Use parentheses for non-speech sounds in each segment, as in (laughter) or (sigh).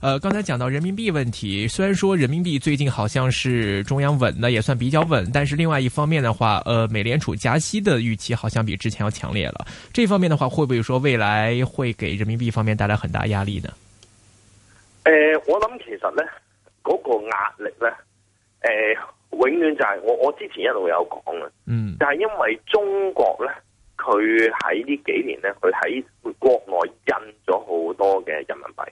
呃，剛才講到人民幣問題，雖然說人民幣最近好像是中央穩的，的也算比較穩，但是另外一方面的話，呃美聯儲加息的預期好像比之前要強烈了，這方面的話，會不會說未來會給人民幣方面帶來很大壓力呢？呃、我諗其實呢嗰、那個壓力呢，呃、永遠就係、是、我我之前一路有講嗯，但係因為中國呢，佢喺呢幾年呢，佢喺國內印咗好多嘅人民幣。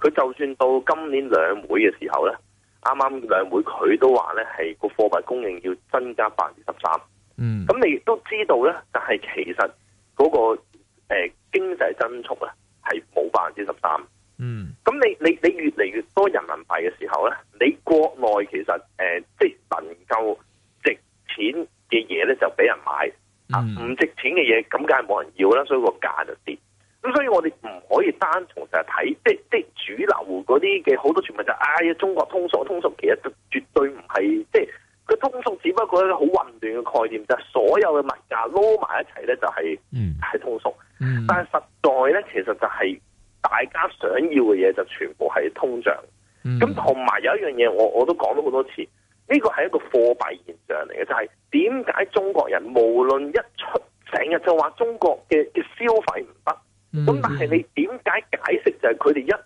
佢就算到今年兩會嘅時候咧，啱啱兩會佢都話咧係個貨幣供應要增加百分之十三。嗯，咁你都知道咧，就係其實嗰、嗰個誒、呃、經濟增速咧係冇百分之十三。嗯，咁你你你越嚟越多人民幣嘅時候咧，你國內其實誒、呃、即係能夠值錢嘅嘢咧就俾人買，唔、嗯、值錢嘅嘢咁梗係冇人要啦，所以個價就跌。咁所以我哋唔可以單從就睇，即係即係。主流嗰啲嘅好多傳聞就是、啊，中國通縮通縮，其實就絕對唔係，即係佢通縮，只不過咧好混亂嘅概念就係、是、所有嘅物價攞埋一齊咧就係、是、係、嗯、通縮，嗯、但係實在咧其實就係大家想要嘅嘢就全部係通脹。咁同埋有一樣嘢，我我都講咗好多次，呢個係一個貨幣現象嚟嘅，就係點解中國人無論一出成日就話中國嘅嘅消費唔得，咁、嗯、但係你點解解釋就係佢哋一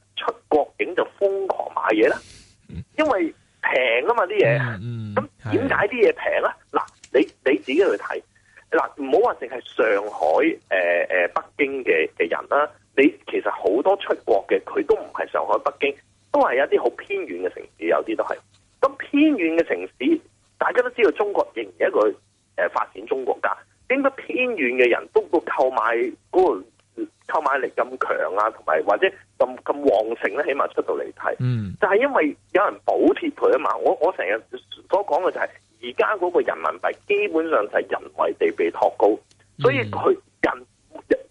瘋狂買嘢啦，因為平啊嘛啲嘢，咁點解啲嘢平咧？嗱、嗯，的你你自己去睇，嗱唔好話淨係上海、誒、呃、誒北京嘅嘅人啦，你其實好多出國嘅佢都唔係上海、北京，都係一啲好偏遠嘅城市，有啲都係。咁偏遠嘅城市，大家都知道中國仍然一個誒發展中國家，點解偏遠嘅人都會購買嗰、嗰個？購買力咁強啊，同埋或者咁咁旺盛咧，起碼出到嚟睇，嗯、就係因為有人補貼佢啊嘛。我我成日所講嘅就係、是，而家嗰個人民幣基本上就係人為地被托高，所以佢人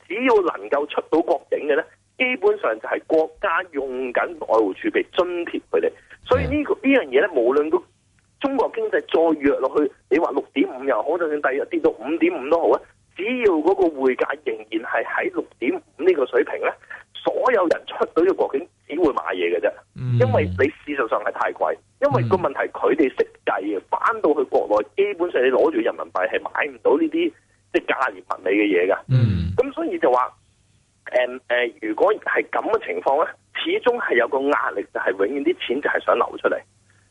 只要能夠出到國境嘅咧，基本上就係國家用緊外匯儲備津貼佢哋。所以呢個呢樣嘢咧，嗯、無論個中國經濟再弱落去，你話六點五又好，就算第二日跌到五點五都好啊。只要嗰個匯價仍然係喺六點五呢個水平咧，所有人出到去國境只會買嘢嘅啫，因為你事實上係太貴，因為個問題佢哋識計嘅，翻到去國內基本上你攞住人民幣係買唔到呢啲即係價廉物美嘅嘢噶，咁、就是 mm hmm. 所以就話，誒、呃、誒、呃，如果係咁嘅情況咧，始終係有個壓力，就係永遠啲錢就係想流出嚟，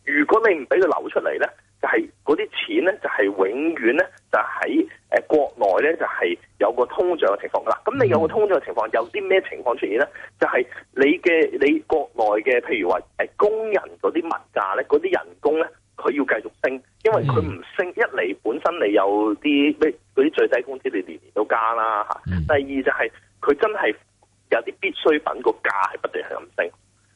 如果你唔俾佢流出嚟咧。就係嗰啲錢咧，就係、是、永遠咧，就喺、是、誒、呃、國內咧，就係、是、有個通脹嘅情況㗎喇。咁你有個通脹嘅情況，有啲咩情況出現咧？就係、是、你嘅你國內嘅，譬如話誒工人嗰啲物價咧，嗰啲人工咧，佢要繼續升，因為佢唔升，一嚟本身你有啲咩嗰啲最低工資，你年年都加啦吓。嗯、第二就係、是、佢真係有啲必需品，個價係不斷係咁升，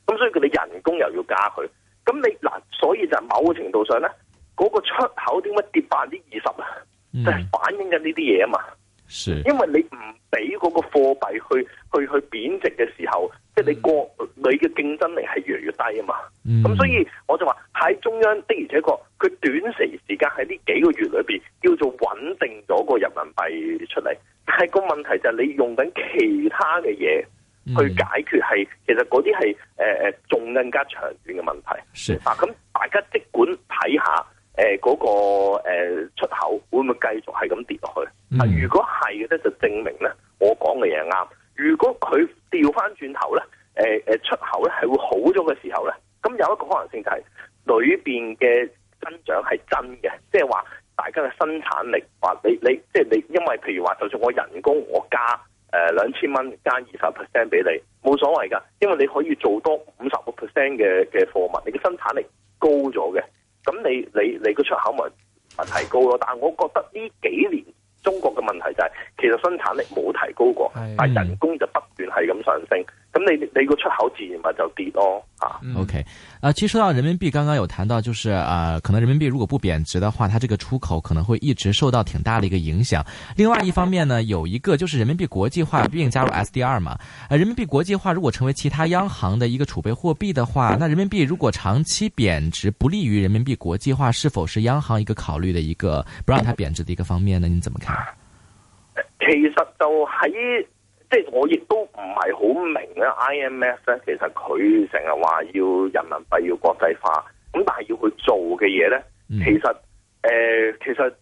咁所以佢哋人工又要加佢。咁你嗱，所以就係某個程度上咧。嗰個出口點解跌百分之二十啊？就係、是、反映緊呢啲嘢啊嘛、嗯。是，因為你唔俾嗰個貨幣去去去貶值嘅時候，即、就、係、是、你國、嗯、你嘅競爭力係越嚟越低啊嘛。咁、嗯、所以我就話喺中央的而且確，佢短時時間喺呢幾個月裏邊叫做穩定咗個人民幣出嚟。但係個問題就係你用緊其他嘅嘢去解決，係、嗯、其實嗰啲係誒誒仲更加長遠嘅問題。是啊，咁大家即管睇下。誒，嗰、呃那個誒、呃、出口會唔會繼續係咁跌落去？嗯、如果係嘅咧，就證明咧我講嘅嘢啱。如果佢調翻轉頭咧，誒、呃、誒出口咧係會好咗嘅時候咧，咁有一個可能性就係裏邊嘅增長係真嘅，即係話大家嘅生產力，話你你即係你，你就是、你因為譬如話，就算我人工我加誒兩千蚊加二十 percent 俾你，冇所謂㗎，因為你可以做多五十個 percent 嘅嘅貨物，你嘅生產力高咗嘅。咁你你你個出口咪咪提高咯？但係我覺得呢幾年中國嘅問題就係，其實生產力冇提高過，但係人工就不斷係咁上升。咁你你個出口自然咪就跌咯，啊，OK，啊，其實說到人民幣，剛剛有談到，就是啊、呃，可能人民幣如果不貶值的話，它這個出口可能會一直受到挺大的一個影響。另外一方面呢，有一個就是人民幣國際化，畢竟加入 SDR 嘛，啊，人民幣國際化如果成為其他央行的一個儲備貨幣的話，那人民幣如果長期貶值，不利於人民幣國際化，是否是央行一個考慮的一個不讓它貶值的一個方面呢？你怎麼看？其實就喺、是。即係我亦都唔係好明咧，IMF 咧其實佢成日話要人民幣要國際化，咁但係要去做嘅嘢咧，其實誒、呃，其實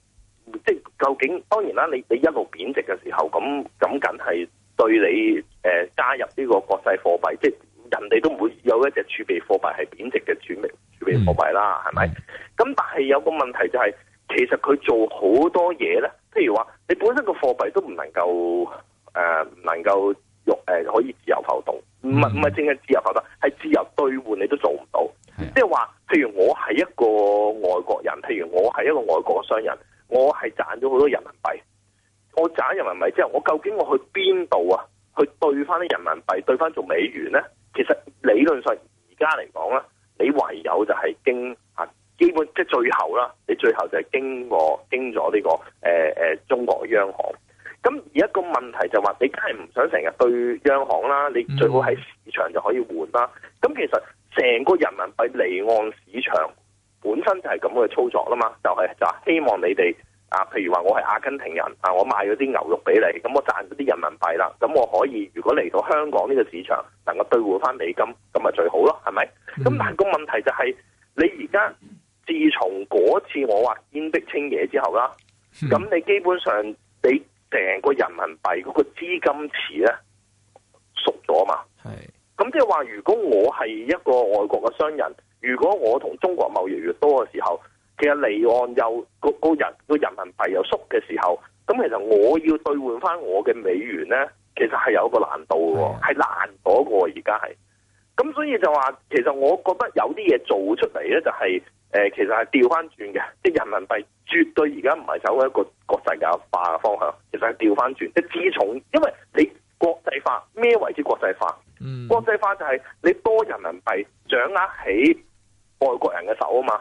即係究竟，當然啦，你你一路貶值嘅時候，咁咁梗係對你誒、呃、加入呢個國際貨幣，即係人哋都唔會有一隻儲備貨幣係貶值嘅儲備儲備貨幣啦，係咪、嗯？咁吧但係有個問題就係、是，其實佢做好多嘢咧，譬如話你本身個貨幣都唔能夠。誒、呃，唔能夠用誒可以自由浮動，唔係唔係淨係自由浮動，係自由兌換你都做唔到。即係話，譬如我係一個外國人，譬如我係一個外國商人，我係賺咗好多人民幣，我賺人民幣之後，我究竟我去邊度啊？去兌翻啲人民幣，兌翻做美元咧？其實理論上而家嚟講咧，你唯有就係經啊，基本即係、即係、最後啦，你最後就係經過經咗呢、這個誒誒、呃呃、中國的央。就話你梗係唔想成日對央行啦，你最好喺市場就可以換啦。咁其實成個人民幣離岸市場本身就係咁嘅操作啦嘛，就係、係、就希望你哋啊，譬如話我係阿根廷人啊，我賣咗啲牛肉俾你，咁我賺咗啲人民幣啦，咁我可以如果嚟到香港呢個市場能夠兌換返美金，咁咪最好咯，係咪？咁但係個問題就係、係、你而家自從嗰次我話煙壁清野之後啦，咁你基本上你。成個人民幣嗰個資金池咧縮咗嘛，係咁是即係話，如果我係一個外國嘅商人，如果我同中國貿易越多嘅時候，其實離岸又個、嗰個人、嗰個人民幣又縮嘅時候，咁其實我要兌換返我嘅美元咧，其實係有一個難度喎，係是難嗰個而家係，咁所以就話其實我覺得有啲嘢做出嚟咧、就是，就係。誒，其實係調翻轉嘅，即係人民幣絕對而家唔係走一個國際化嘅方向，其實係調翻轉。即係自從，因為你國際化咩為之國際化？嗯，國際化就係你多人民幣掌握喺外國人嘅手啊嘛。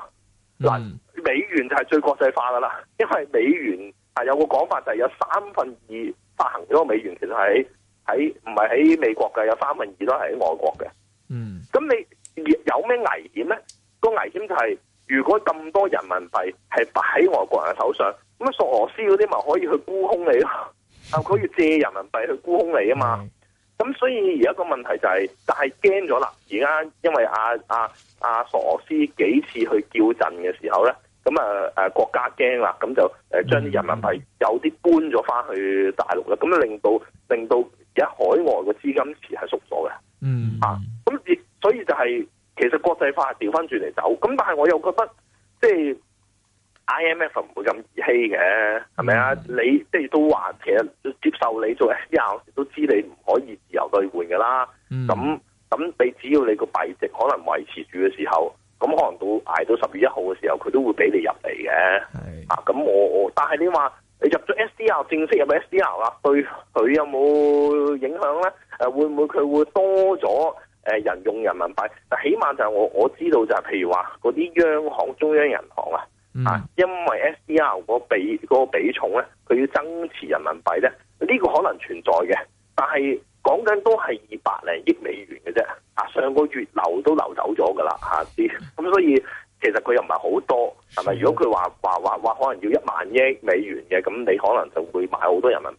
嗱、嗯，美元就係最國際化噶啦，因為美元係有個講法就係有三分二發行咗個美元，其實喺喺唔係喺美國嘅，有三分二都係喺外國嘅。嗯，咁你有咩危險咧？個危險就係。如果咁多人民幣係擺喺外國人嘅手上，咁啊索羅斯嗰啲咪可以去沽空你咯？啊，可以借人民幣去沽空你啊嘛？咁所以而家個問題就係、是，但係驚咗啦。而家因為阿阿阿索羅斯幾次去叫陣嘅時候咧，咁啊誒、啊、國家驚啦，咁就誒將啲人民幣有啲搬咗翻去大陸啦，咁令到令到而家海外嘅資金池係縮咗嘅。嗯啊。細化調翻轉嚟走，咁但係我又覺得即係 IMF 唔會咁兒戲嘅，係咪啊？你即係都話其實接受你做 SDR 都知道你唔可以自由兌換噶啦。咁咁，mm hmm. 你只要你個幣值可能維持住嘅時候，咁可能到挨到十月一號嘅時候，佢都會俾你，mm hmm. 啊、你，你入嚟嘅。係啊，咁我我但係你話你入咗 SDR，正式入咗 SDR 啦，對佢有冇影響咧？誒、啊，會唔會佢會多咗？誒，人用人民幣，但起碼就係我我知道就係，譬如話嗰啲央行、中央銀行啊，啊、嗯，因為 SDR 個比個比重咧，佢要增持人民幣咧，呢個可能存在嘅。但係講緊都係二百零億美元嘅啫，啊，上個月流都流走咗噶啦，下次。咁所以其實佢又唔係好多，係咪？嗯、如果佢話話話話可能要一萬億美元嘅，咁你可能就會買好多人民幣。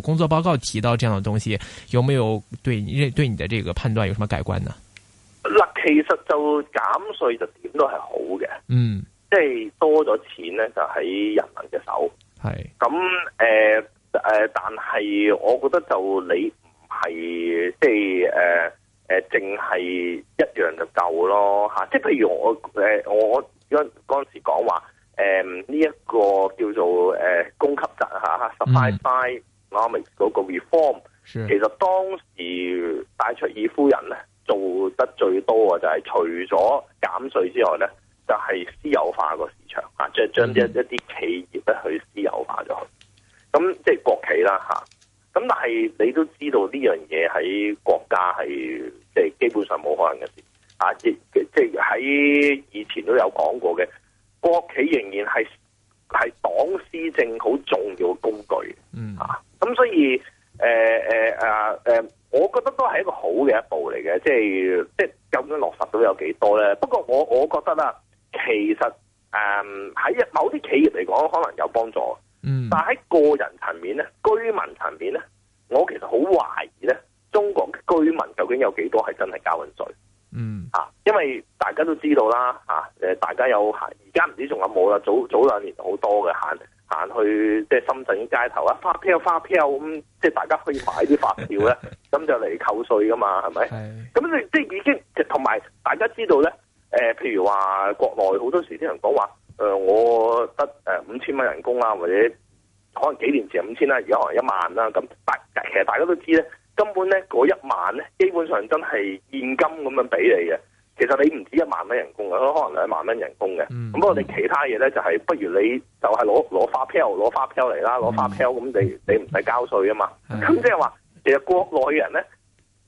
工作報告提到這樣的東西，有沒有對你對你的這個判斷有什麼改觀呢？嗱，其實就減稅就點都係好嘅，嗯，即係多咗錢咧就喺人民嘅手，係咁誒誒，但係我覺得就你唔係即係誒誒，淨、呃、係、呃、一樣就夠咯吓，即係譬如我誒、呃、我嗰嗰陣時講話誒呢一個叫做誒、呃、供給側吓，supply side Sure. 其實當時戴卓爾夫人咧做得最多啊，就係除咗減稅之外咧，就係私有化個市場啊，即係將一一啲企。Mm hmm. 嘅，即係即係究竟落實到有幾多咧？不過我我覺得啦，其實誒喺、呃、某啲企業嚟講，可能有幫助，嗯，但喺個人層面咧、居民層面咧，我其實好懷疑咧，中國嘅居民究竟有幾多係真係交緊稅，嗯、啊、因為大家都知道啦，誒、啊，大家有限，而家唔知仲有冇啦，早早兩年好多嘅限。去即係深圳街頭啊，發票發票咁，即係大家可以買啲發票咧，咁 (laughs) 就嚟扣稅噶嘛，係咪？咁你即係已經，同埋大家知道咧，誒、呃，譬如話國內好多時啲人講話，誒、呃，我得誒、呃、五千蚊人工啦、啊，或者可能幾年前五千啦，而家可能一萬啦、啊，咁但其實大家都知咧，根本咧嗰一萬咧，基本上真係現金咁樣俾你嘅。其實你唔止一萬蚊人工嘅，可能兩萬蚊人工嘅。咁、嗯、不過你其他嘢咧，就係、是、不如你就係攞攞發票，攞發票嚟啦，攞發票咁你你唔使交稅啊嘛。咁即係話，其實國內人咧，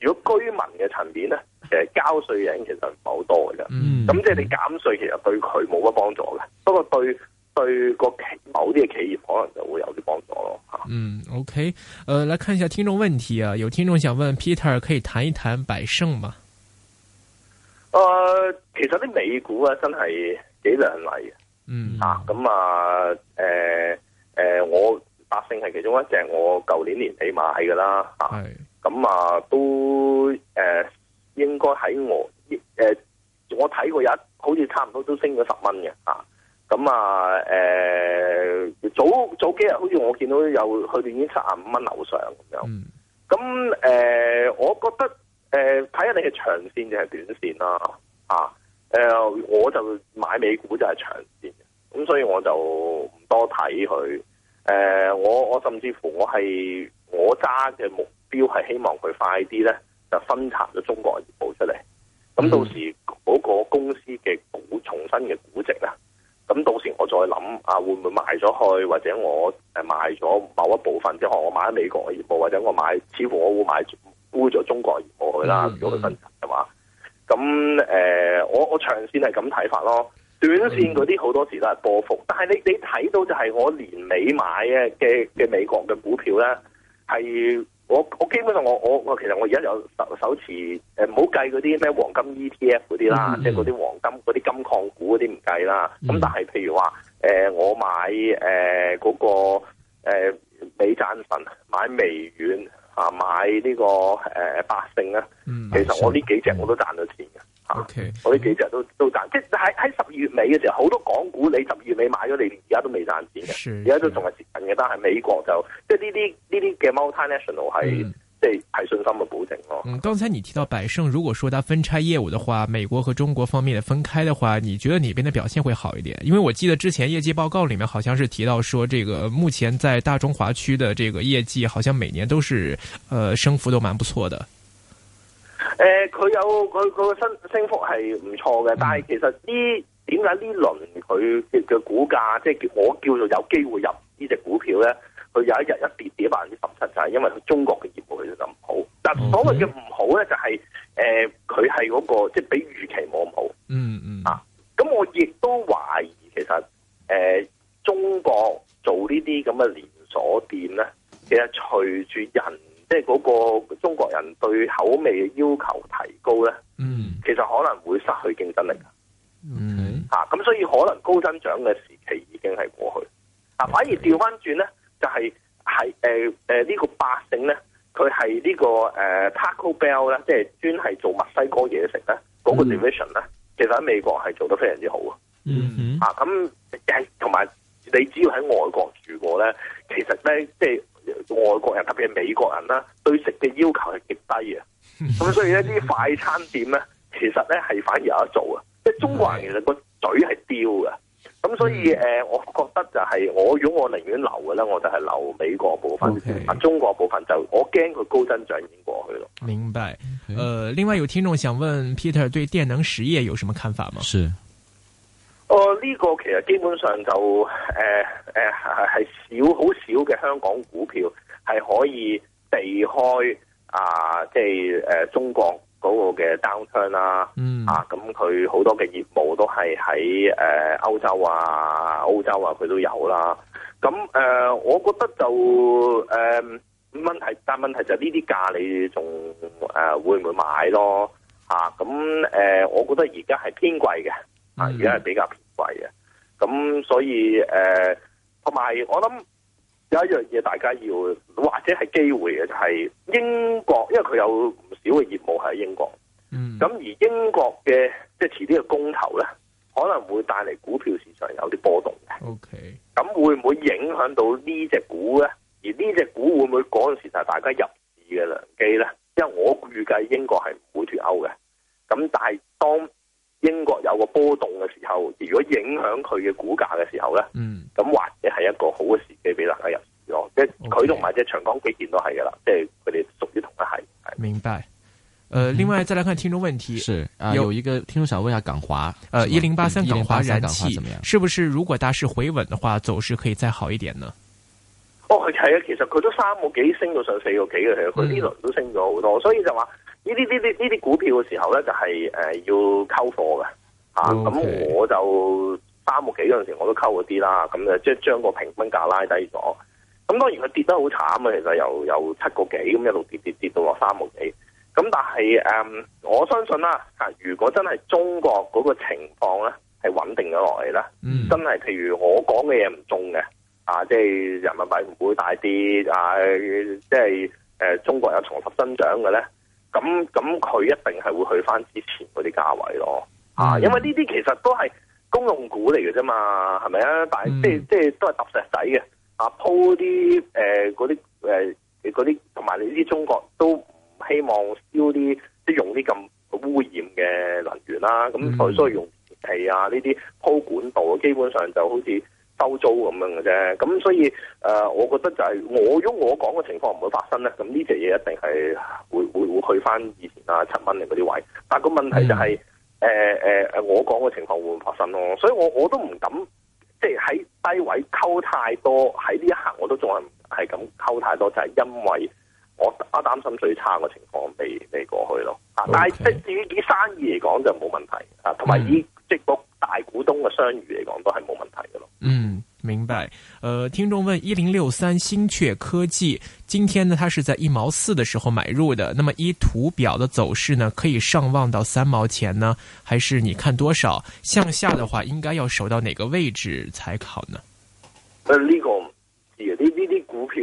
如果居民嘅層面咧，誒交稅嘅人其實唔係好多嘅。咁即係你減稅，其實對佢冇乜幫助嘅。嗯、不過對對個某啲嘅企業，可能就會有啲幫助咯。嗯，OK，誒、呃，來看一下聽眾問題啊，有聽眾想問 Peter 可以談一談百勝嘛？誒、呃，其實啲美股是、嗯、啊，真係幾靚麗嘅，嗯、呃、啊，咁啊，誒，誒，我百姓係其中一隻，我舊年年底買噶啦，吓、啊，咁是啊，都誒、呃，應該喺我，誒、呃，我睇佢一，好似差唔多都升咗十蚊嘅，啊，咁啊，誒、呃，早早幾日，好似我見到有去到已經七十五蚊樓上咁樣，咁誒、嗯呃，我覺得。誒，睇下你係長線定係短線啦、啊，啊，誒，我就買美股就係長線，咁所以我就唔多睇佢。誒、啊，我我甚至乎我係我揸嘅目標係希望佢快啲咧就分拆咗中國業務出嚟，咁到時嗰個公司嘅股重新嘅估值啦，咁到時我再諗啊，會唔會賣咗去，或者我誒買咗某一部分，即係我買咗美國嘅業務，或者我買，似乎我會買沽咗中國業務。啦，如果佢升嘅話，咁誒、呃，我我長線係咁睇法咯，短線嗰啲好多時都係波幅，但係你你睇到就係我年尾買嘅嘅美國嘅股票咧，係我我基本上我我我其實我而家有手持誒，唔好計嗰啲咩黃金 ETF 嗰啲啦，即係嗰啲黃金嗰啲金礦股嗰啲唔計啦，咁但係譬如話誒、呃，我買誒嗰、呃那個誒、呃、美贊臣，買微軟。啊！買呢、這個誒、呃、百姓咧，嗯、其實我呢幾隻我都賺咗錢嘅嚇，我呢幾隻都都賺，即係喺喺十二月尾嘅時候，好多港股你十二月尾買咗，你而家都未賺錢嘅，而家的都仲係蝕緊嘅。但係美國就即係呢啲呢啲嘅 multi national 係。嗯係信心嘅保證咯。嗯，剛才你提到百勝，如果說他分拆業務的話，美國和中國方面嘅分開的話，你覺得哪邊嘅表現會好一點？因為我記得之前業績報告裏面，好像是提到說，這個目前在大中華區的這個業績，好像每年都是，呃，升幅都蠻不錯的。誒、呃，佢有佢佢個升升幅係唔錯嘅，但係其實呢點解呢輪佢嘅股價，即係我叫做有機會入？呢隻股票咧，佢有一日一跌，跌百分之十七，就係因為佢中國嘅業務佢唔咁好。但所謂嘅唔好咧、就是，就係誒，佢係嗰個即係比預期冇咁好。嗯嗯。嗯啊，咁我亦都懷疑其實誒、呃，中國做呢啲咁嘅連鎖店咧，其實隨住人即係嗰個中國人對口味嘅要求提高咧，嗯，其實可能會失去競爭力。嗯。嗯。吓、啊，咁所以可能高增長嘅時期已經係過去。嗱，反而調翻轉咧，就係係誒誒呢個百姓咧，佢係呢個誒、呃、Taco Bell 咧，即係專係做墨西哥嘢食咧，嗰、mm hmm. 個 division 咧，其實喺美國係做得非常之好、mm hmm. 啊！啊咁，同埋你只要喺外國住過咧，其實咧即係外國人特別係美國人啦，對食嘅要求係極低啊。咁 (laughs) 所以呢啲快餐店咧，其實咧係反而有得做啊！即係中國人其實個嘴係刁嘅。咁、嗯、所以誒、呃，我覺得就係，我如果我寧願留嘅咧，我就係留美國部分，啊 Okay. 中國部分就是，我驚佢高增長已經過去咯。明白。誒 Okay.、呃，另外有聽眾想問 Peter 對電能實業有什麼看法嗎？是。哦、呃、呢、這個其實基本上就誒誒係係少好少嘅香港股票係可以避開啊、呃，即係誒、呃、中港。嗰個嘅 downturn 啦，嗯啊，咁佢好多嘅業務都係喺誒歐洲啊，歐洲啊，佢都有啦、啊。咁、啊、誒，我覺得就誒問題，但問題就呢啲價你仲誒、啊、會唔會買咯？咁、啊、誒、啊啊，我覺得而家係偏貴嘅，啊，而家係比較偏貴嘅。咁、嗯啊、所以誒，同、啊、埋我諗。有一樣嘢大家要，或者係機會嘅就係、是、英國，因為佢有唔少嘅業務係喺英國。嗯，咁而英國嘅即係遲啲嘅公投咧，可能會帶嚟股票市場有啲波動嘅。O K，咁會唔會影響到這隻呢隻股咧？而呢隻股會唔會嗰陣時就係大家入市嘅良機咧？因為我預計英國係唔會脱歐嘅。咁但係當。英國有個波動嘅時候，如果影響佢嘅股價嘅時候咧，咁、嗯、或者係一個好嘅時機俾大家入市咯。即係佢同埋即係長江基建都係噶啦，即係佢哋屬於同一系。明白。誒、呃、嗯、另外再嚟，看聽眾問題，是有一個聽眾想問一下港華，誒吧，一零八三港華燃氣，是不是如果大市回穩嘅話，走勢可以再好一點呢？哦係啊，其實佢都三個幾升到上四個幾嘅，其實佢呢輪都升咗好多，所以就話。呢啲呢啲呢啲股票嘅時候咧、就係，就、呃、係要溝貨嘅嚇咁 Okay.、啊、我就三毫幾嗰陣時候我都溝咗啲啦，咁就即係將個平均價拉低咗。咁當然佢跌得好慘啊，其實有有七個幾咁一路跌跌跌到落三毫幾。咁但係誒、嗯，我相信啦、啊、如果真係中國嗰個情況咧係穩定咗落嚟咧，mm. 真係譬如我講嘅嘢唔中嘅啊，即係人民幣唔會大跌啊，即係、呃、中國有重拾增長嘅咧。咁咁佢一定係會去翻之前嗰啲價位咯，啊，因為呢啲其實都係公用股嚟嘅啫嘛，係咪啊？但係、嗯、即係即係都係揼石仔嘅，啊鋪啲嗰啲嗰啲，同埋你啲中國都唔希望燒啲即係用啲咁污染嘅能源啦，咁佢、嗯、需要用氣啊呢啲鋪管道，基本上就好似收租咁樣嘅啫。咁所以、呃、我覺得就係、是、我喐我講嘅情況唔會發生咧。咁呢隻嘢一定係會。去翻以前啊七蚊嘅嗰啲位置，但個問題就係、是，誒誒誒，我講嘅情況會唔會發生咯？所以我我都唔敢，即係喺低位溝太多，喺呢一刻我都仲係係咁溝太多，就係、是、因為我擔心最差嘅情況未未過去咯。啊，但係即 Okay. 至於啲生意嚟講就冇問題啊，同埋以即個大股東嘅商譽嚟講都係冇問題嘅咯。嗯。明白，呃，聽眾問一零六三星鵲科技，今天呢，它是在一毛四的時候買入的，那麼依圖表的走勢呢，可以上望到三毛錢呢，還是你看多少？向下的話，應該要守到哪個位置才好呢？呃，呢、呢個呢呢啲股票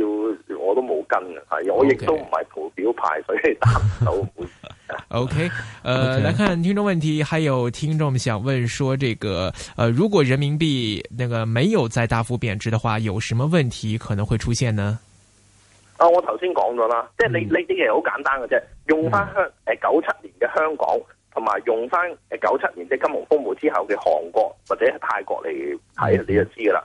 我都冇跟啊，我亦都唔係圖表派，所以打唔到股。Okay. (laughs) (laughs) O、okay, K，呃 Okay. 來看，看聽眾問題，還有聽眾想問說，這個，呃如果人民幣那個沒有再大幅貶值的話，有什麼問題可能會出現呢？啊、哦，我頭先講咗啦，嗯、即係你你啲嘢好簡單嘅啫，用翻香誒九七年嘅香港，同埋、嗯、用翻誒九七年即係金融風暴之後嘅韓，的、呃呃、韓國或者泰國嚟睇，你就知噶啦。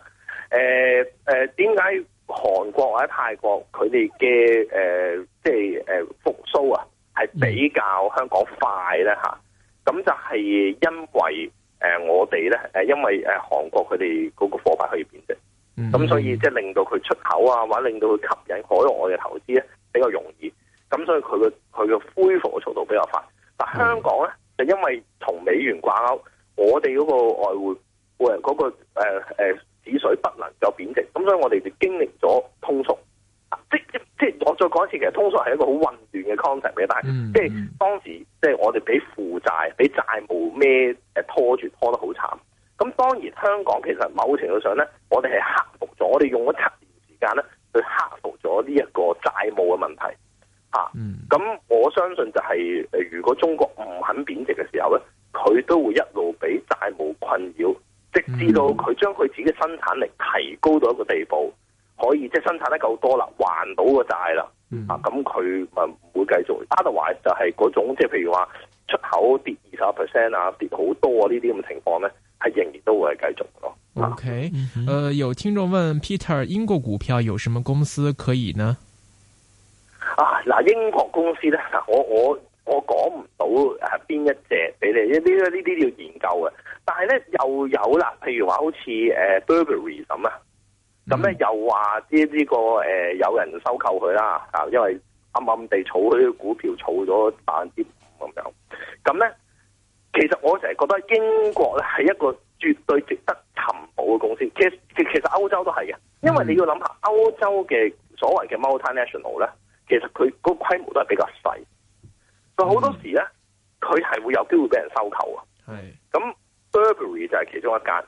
誒、呃、誒，點解韓國或者泰國佢哋嘅誒即係誒復蘇啊？係比較香港快咧嚇，咁就係因為誒我哋咧誒，因為誒韓國佢哋嗰個貨幣可以貶值，咁、mm hmm. 所以即係令到佢出口啊，或者令到佢吸引海外嘅投資咧比較容易，咁所以佢嘅佢嘅恢復嘅速度比較快。但香港咧就因為同美元掛鈎，我哋嗰個外匯匯嗰、嗰個誒、呃、紙水不能夠貶值，咁所以我哋就經歷咗通縮。即係即係，我再講一次，其實通常係一個好混亂嘅 concept 嘅，但係即係當時即係、就是、我哋俾負債、俾債務咩誒拖住拖得好慘。咁當然香港其實某程度上咧，我哋係克服咗，我哋用咗七年時間咧去克服咗呢一個債務嘅問題。吓、啊、咁、嗯、我相信就係、是、誒，如果中國唔肯貶值嘅時候咧，佢都會一路俾債務困擾，直至到佢將佢自己嘅生產力提高到一個地步。可以即係生產得夠多啦，還到個債啦，嗯、啊咁佢咪唔會繼續。Otherwise、嗯、就係嗰種即係譬如話出口跌二十 percent 啊，跌好多啊這些呢啲咁嘅情況咧，係仍然都會係繼續咯。OK、啊、誒、嗯嗯啊呃，有聽眾問 Peter，英國股票有什麼公司可以呢？啊，嗱，英國公司咧，我我我講唔到誒邊一隻俾你，呢呢呢啲要研究嘅。但係咧又有啦，譬如話好似誒 Burberry 咁啊。咁咧、嗯、又話啲呢個誒、呃、有人收購佢啦，因為啱啱哋儲佢啲股票儲咗百分之五咁樣。咁咧，其實我成日覺得英國咧係一個絕對值得尋寶嘅公司，其其其實歐洲都係嘅，嗯、因為你要諗下歐洲嘅所謂嘅 multinational 咧，其實佢個規模都係比較細，所以好多時咧佢係會有機會俾人收購啊。係咁的，Burberry 就係其中一間。咁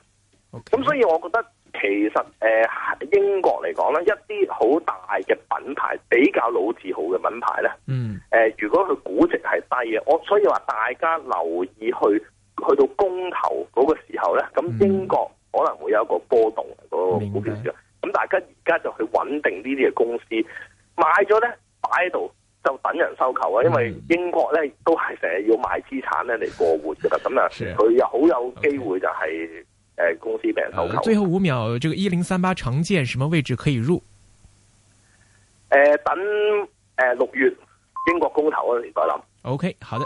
Okay.、嗯、所以我覺得。其實誒、呃，英國嚟講咧，一啲好大嘅品牌，比較老字號嘅品牌咧，嗯，誒、呃，如果佢估值係低嘅，我所以話大家留意去去到公投嗰個時候咧，咁英國可能會有一個波動嗰個、嗯、股票市場，咁大家而家就去穩定呢啲嘅公司，買咗咧擺喺度就等人收購啊，因為英國咧都係成日要賣資產咧嚟過活㗎喇，咁啊， (laughs) 佢又好有機會就係、是。Okay. 誒，公司嘅投後，最後五秒，這個一零三八長建，什麼位置可以入？誒、呃，等誒六、呃、月英國公投嗰、啊、時再諗。O、okay, K，好的。